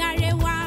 sáré wá.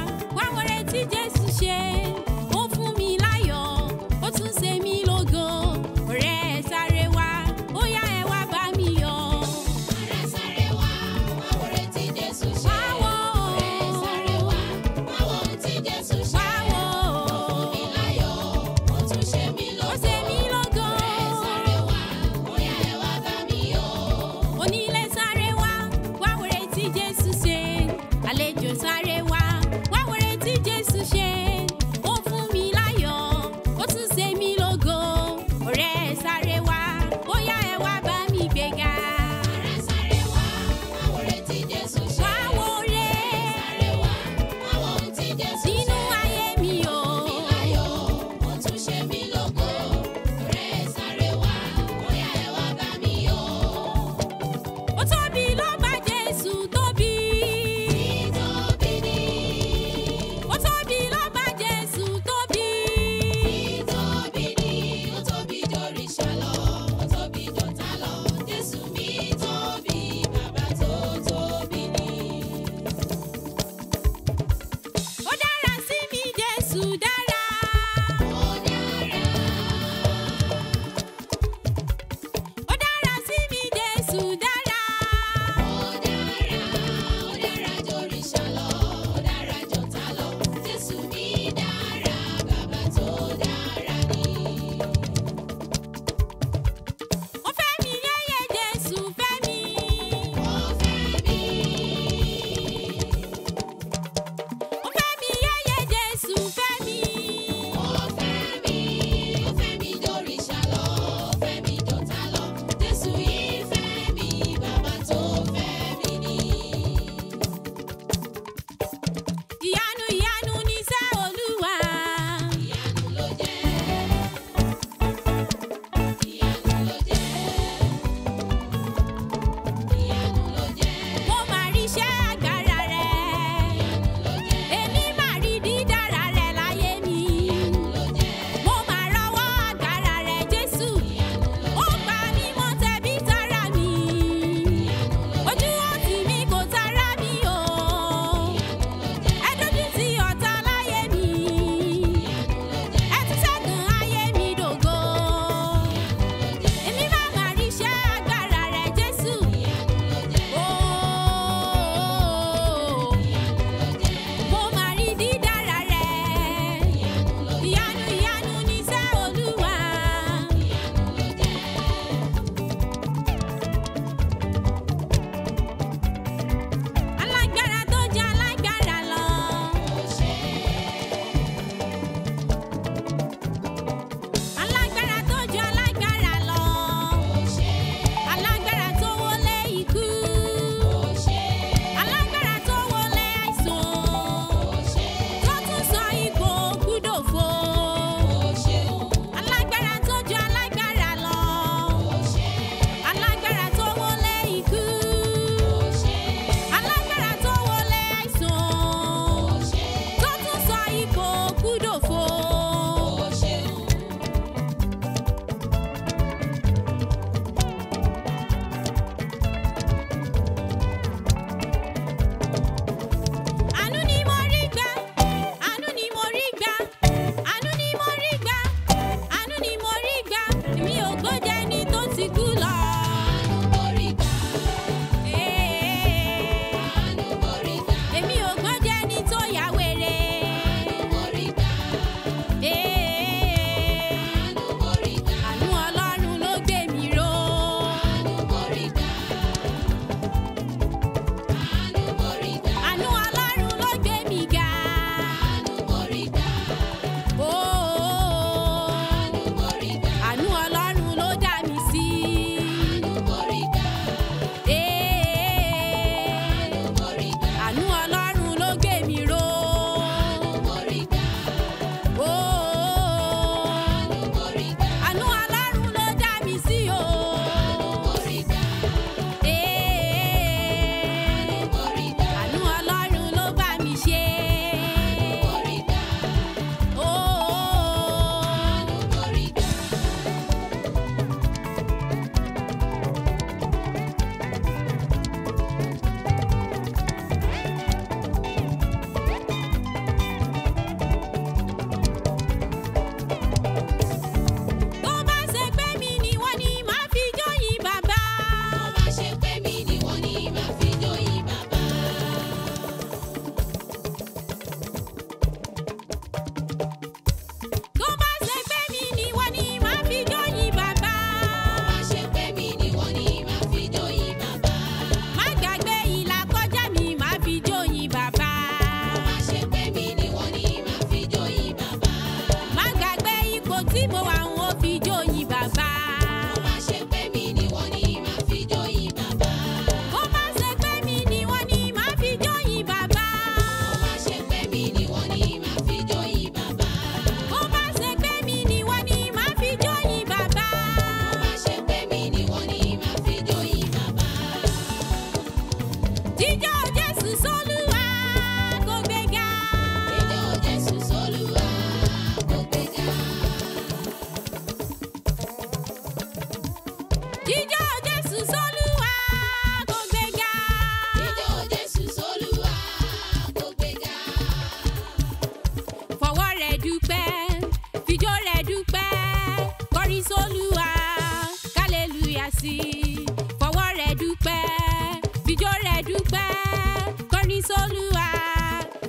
sólúwa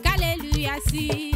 hallelujah sí i.